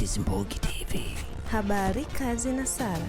Mrs Mbogi TV, habari, kazi na sara.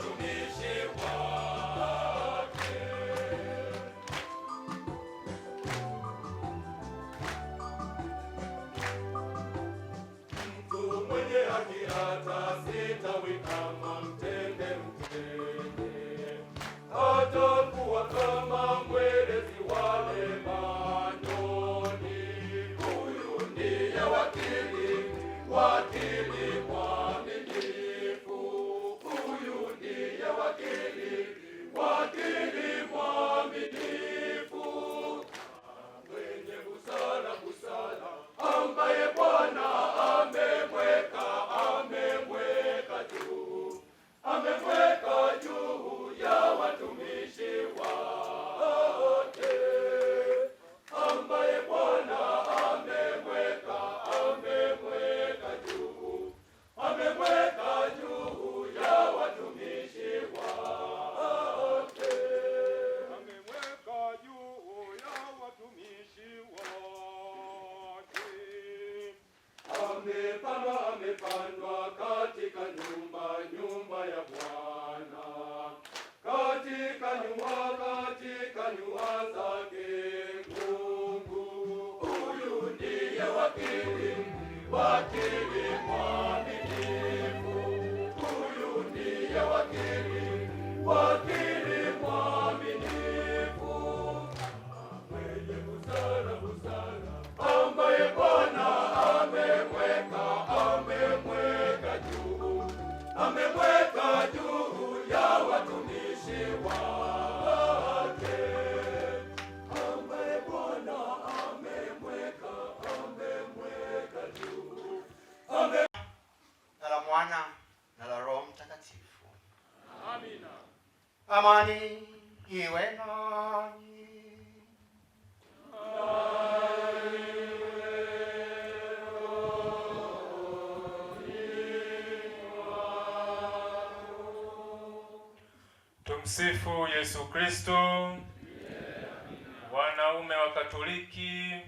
Tumia. Wow. Yesu Kristo. Wanaume wa Katoliki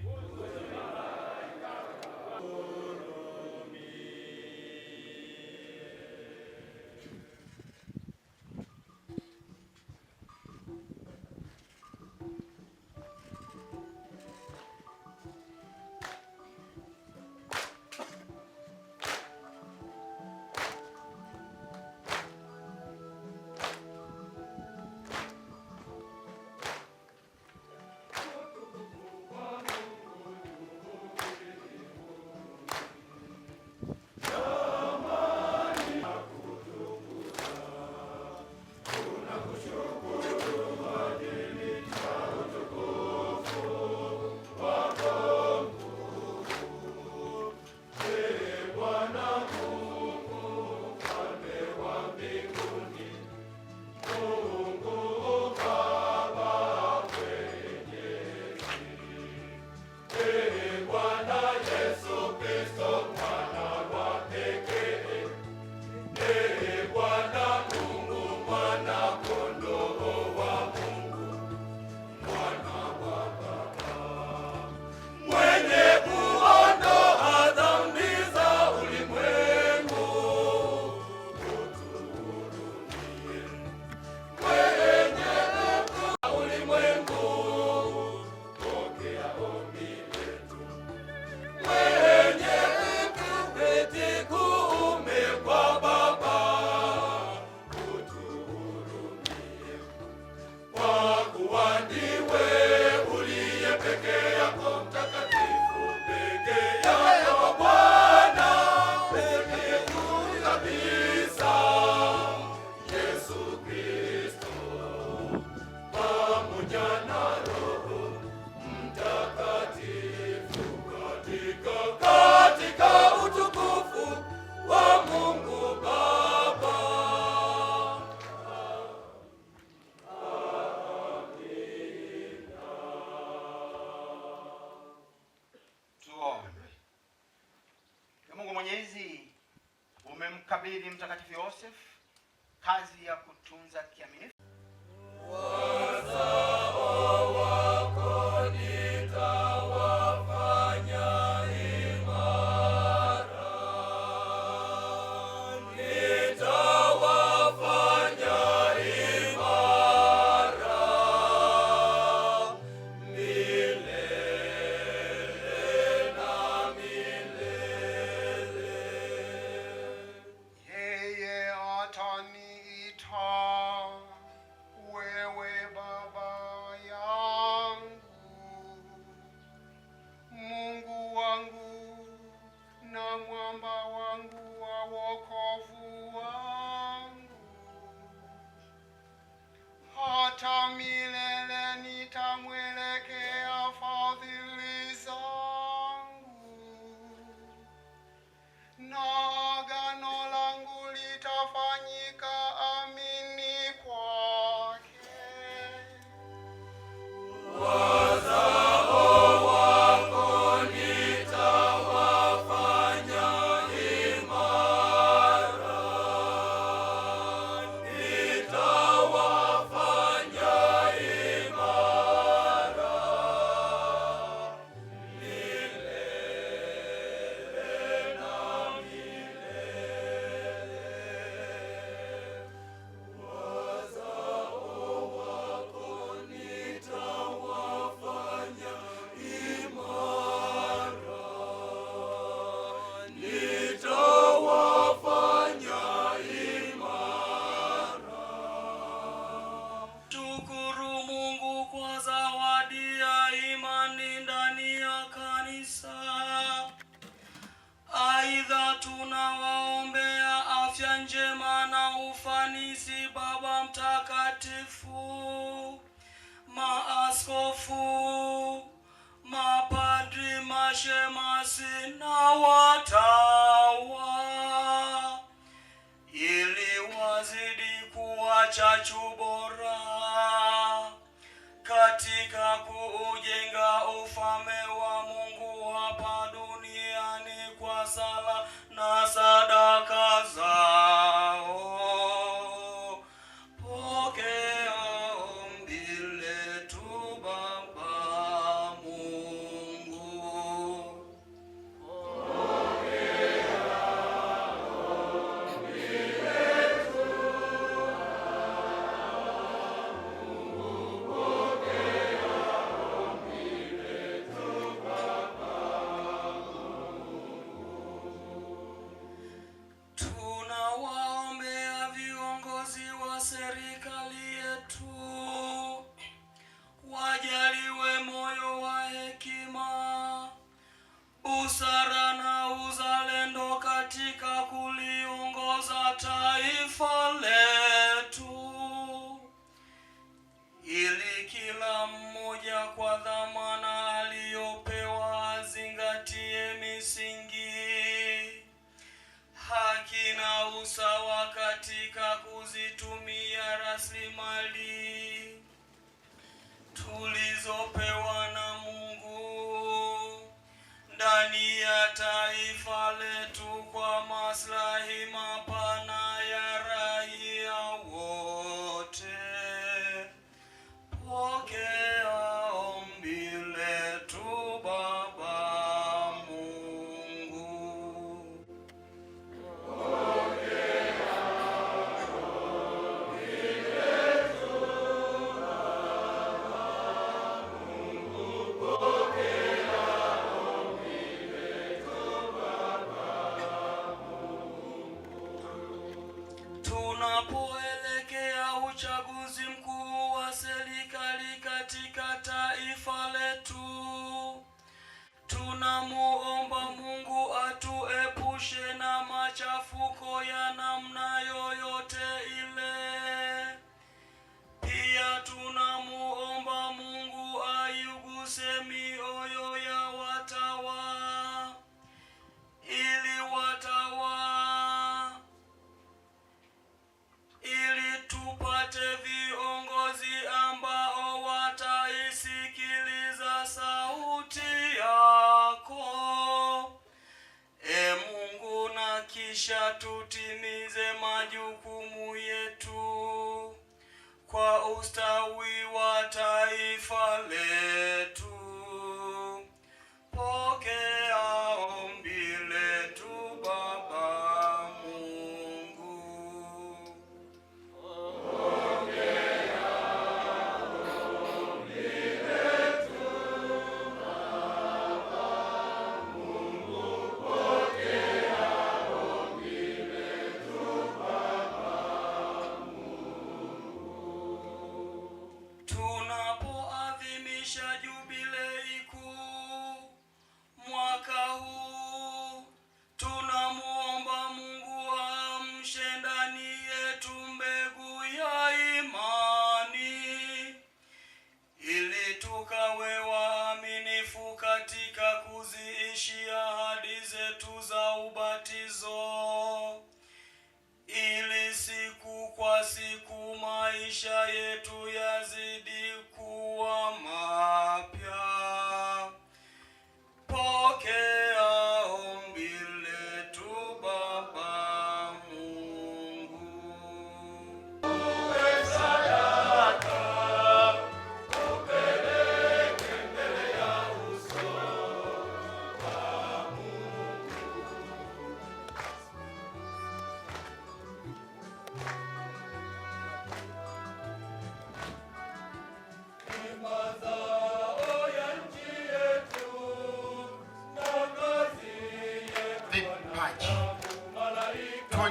wafanyika maaskofu, mapadri, mashemasi na watawa ili wazidi kuwa chachubo usawa katika kuzitumia rasilimali tulizopewa na Mungu ndani ya taifa letu kwa maslahi mapana. Tunapoelekea uchaguzi mkuu wa serikali katika taifa letu, tunamuomba Mungu atuepushe na machafuko ya namna yoyote. tutimize majukumu yetu kwa ustawi wa tuza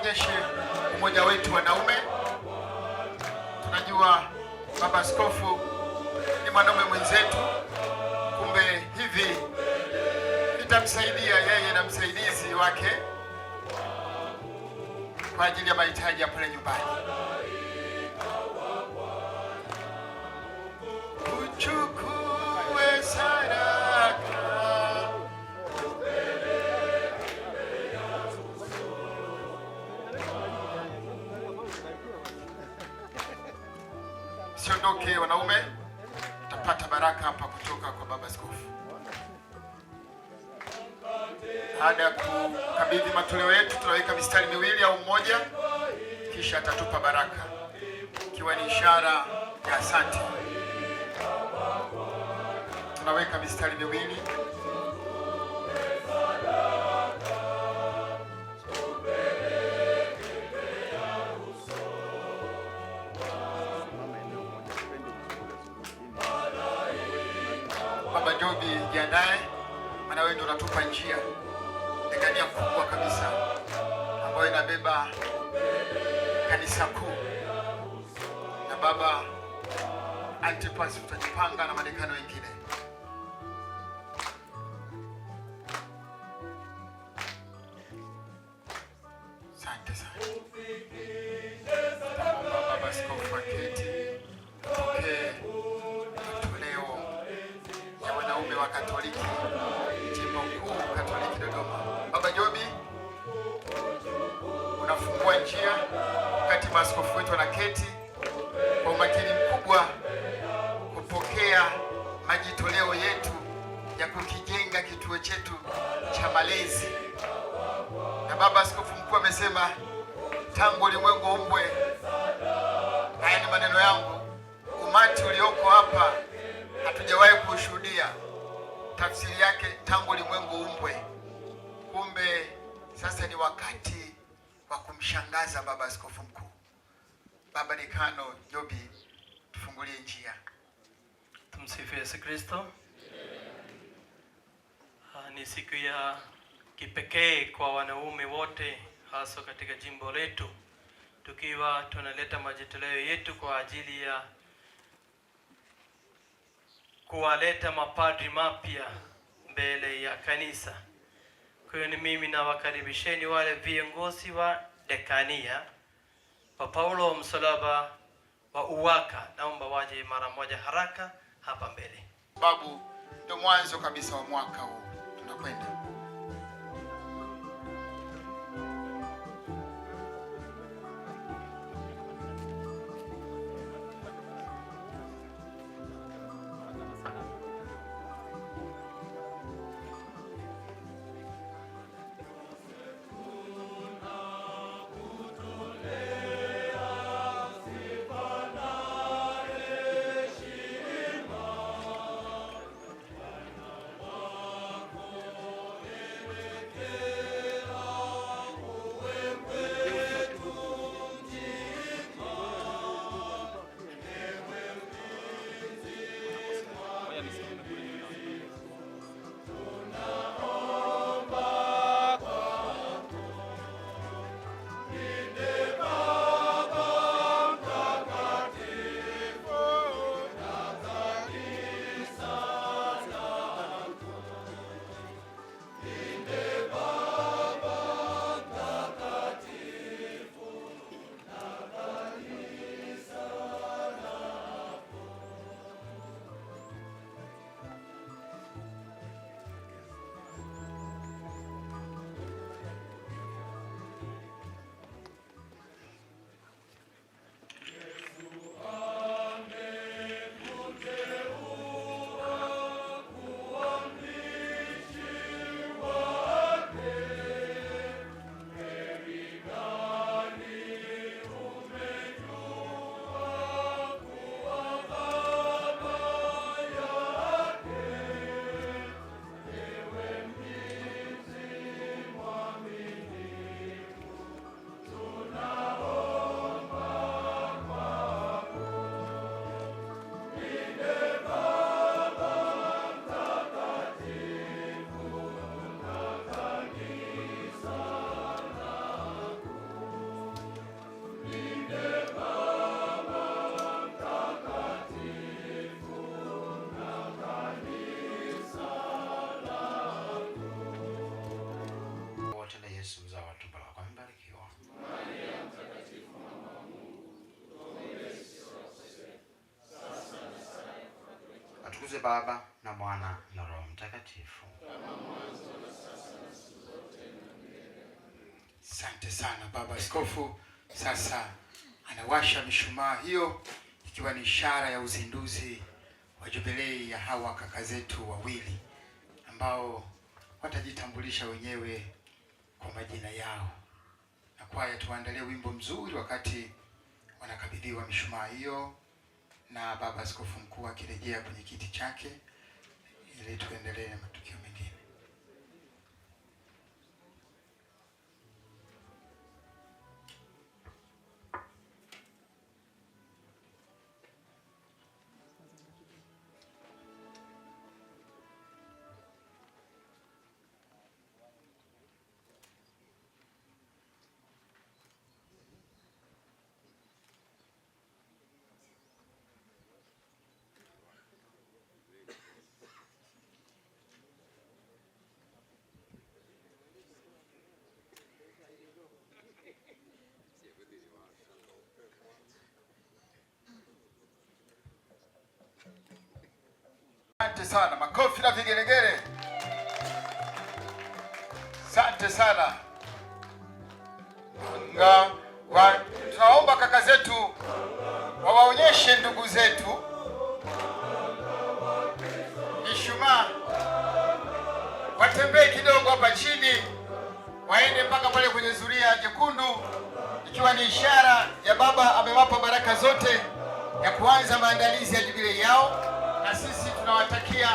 tuonyeshe umoja wetu wanaume. Tunajua baba askofu ni mwanaume mwenzetu, kumbe hivi vitamsaidia yeye na msaidizi wake kwa ajili ya mahitaji ya pale nyumbani. Mwanamke, wanaume, utapata baraka hapa kutoka kwa baba askofu. Baada ya kukabidhi matoleo yetu, tunaweka mistari miwili au mmoja, kisha atatupa baraka, ikiwa ni ishara ya asante. Tunaweka mistari miwili. Inabidi maana wewe ndio unatupa njia dekania ya kubwa kabisa ambayo inabeba kanisa kuu. Na Baba Antipas, utajipanga na madekano wengine Katoliki jimbo kuu Katoliki Dodoma. Baba Jobi, unafungua njia wakati maaskofu wetu wanaketi kwa umakini mkubwa kupokea majitoleo yetu ya kukijenga kituo chetu cha malezi. Na baba askofu mkuu amesema tangu ulimwengu umbwe, haya ni maneno yangu, umati ulioko hapa tafsiri yake tangu ulimwengu umbwe. Kumbe sasa ni wakati wa kumshangaza baba askofu mkuu, Baba nikano Jobi, tufungulie njia. Tumsifu Yesu Kristo. Ah, ni siku ya kipekee kwa wanaume wote, haswa katika jimbo letu, tukiwa tunaleta majitoleo yetu kwa ajili ya kuwaleta mapadri mapya mbele ya kanisa. Kwa hiyo ni mimi nawakaribisheni wale viongozi wa dekania wa Paulo wa msalaba wa UWAKA, naomba waje mara moja haraka hapa mbele, sababu ndio mwanzo kabisa wa mwaka huu tunakwenda Mtukuze Baba na Mwana na Roho Mtakatifu. Asante sana Baba Askofu. Sasa anawasha mishumaa hiyo, ikiwa ni ishara ya uzinduzi wa jubilei ya hawa kaka zetu wawili ambao watajitambulisha wenyewe kwa majina yao, na kwaya tuandalie wimbo mzuri wakati wanakabidhiwa mishumaa hiyo na baba askofu mkuu akirejea kwenye kiti chake, ili tuendelee na matukio. sana, makofi na vigelegele. Asante sana nga, wa, tunaomba kaka zetu wawaonyeshe ndugu zetu Ijumaa, watembee kidogo hapa chini, waende mpaka pale kwenye zulia jekundu, ikiwa ni ishara ya Baba amewapa baraka zote ya kuanza maandalizi ya jubilei yao na sisi tunawatakia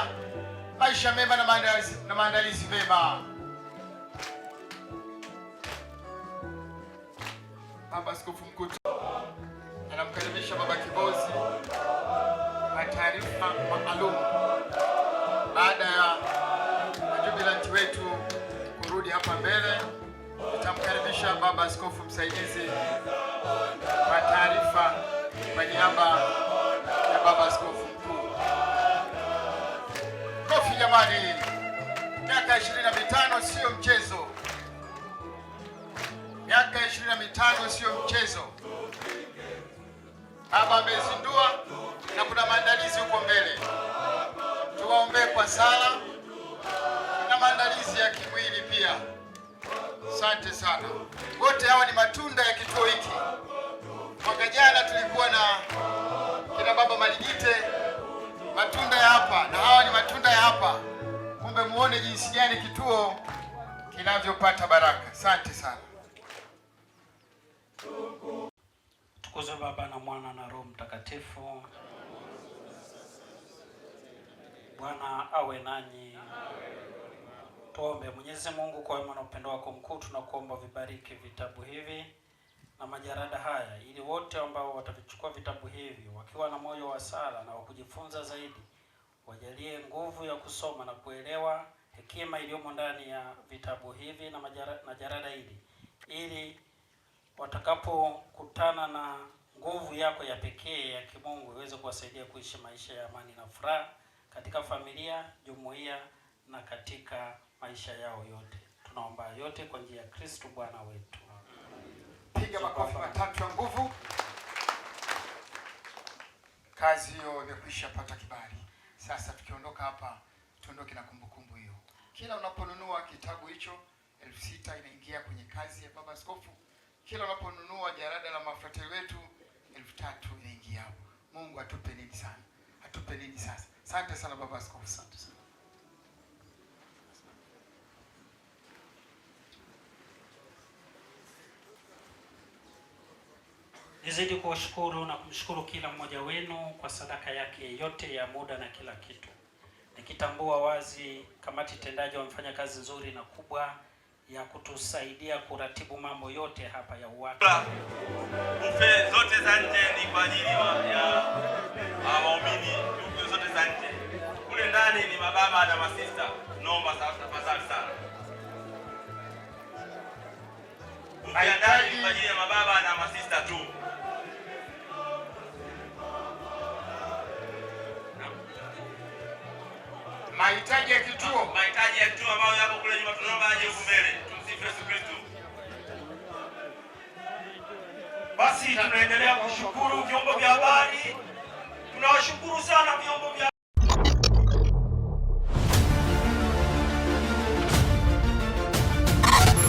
maisha mema na maandalizi na maandalizi mema. Baba Askofu Mkuu anamkaribisha Baba Kibozi na taarifa maalum baada ya wajubilanti wetu kurudi hapa mbele, tutamkaribisha Baba Askofu msaidizi kwa taarifa kwa niaba ya Baba Askofu Mkuu jamani, miaka ishirini na mitano sio mchezo. Miaka ishirini na mitano sio mchezo. Hapa amezindua na kuna maandalizi huko mbele, tuwaombee kwa sala na maandalizi ya kimwili pia. Asante sana wote. Hawa ni matunda ya kituo hiki. Mwaka jana tulikuwa na kina baba Maligite, matunda ya hapa na jinsi gani kituo kinavyopata baraka. Asante sana. Tukuzwe Baba na Mwana na Roho Mtakatifu. Bwana awe nanyi. Tuombe. Mwenyezi Mungu, kwa wema na upendo wako mkuu, tunakuomba vibariki vitabu hivi na majarada haya, ili wote ambao watavichukua vitabu hivi wakiwa na moyo wa sala na wa kujifunza zaidi, wajalie nguvu ya kusoma na kuelewa hekima iliyomo ndani ya vitabu hivi na majara, na jarada hili ili watakapokutana na nguvu yako ya pekee ya kimungu iweze kuwasaidia kuishi maisha ya amani na furaha katika familia, jumuiya na katika maisha yao yote. Tunaomba yote kwa njia ya Kristo Bwana wetu. Piga makofi matatu ya nguvu. Kazi hiyo imekwisha pata kibali. Sasa tukiondoka hapa, tuondoke na kumbukumbu. Kila unaponunua kitabu hicho elfu sita inaingia kwenye kazi ya baba askofu. Kila unaponunua jarada la mafuta wetu elfu tatu inaingia hapo. Mungu atupe nini sana, atupe nini sasa. Asante sana baba askofu, asante sana. Nizidi kuwashukuru na kumshukuru kila mmoja wenu kwa sadaka yake yote ya muda na kila kitu tukitambua wazi kamati tendaji wamefanya kazi nzuri na kubwa ya kutusaidia kuratibu mambo yote hapa ya UWAKA. Bufe zote za nje ni kwa ajili ya waumini, bufe zote za nje, kule ndani ni mababa na masista. Naomba sasa tafadhali sana, bufe ndani kwa ajili ya mababa na masista tu. mahitaji ya kituo, mahitaji ya kituo ambayo yapo kule nyuma, tunaomba aje huko mbele. Tumsifu Yesu Kristo. Basi tunaendelea kushukuru vyombo vya habari, tunawashukuru sana vyombo vya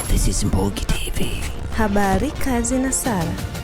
This is Mbogi TV. Habari, kazi na sala.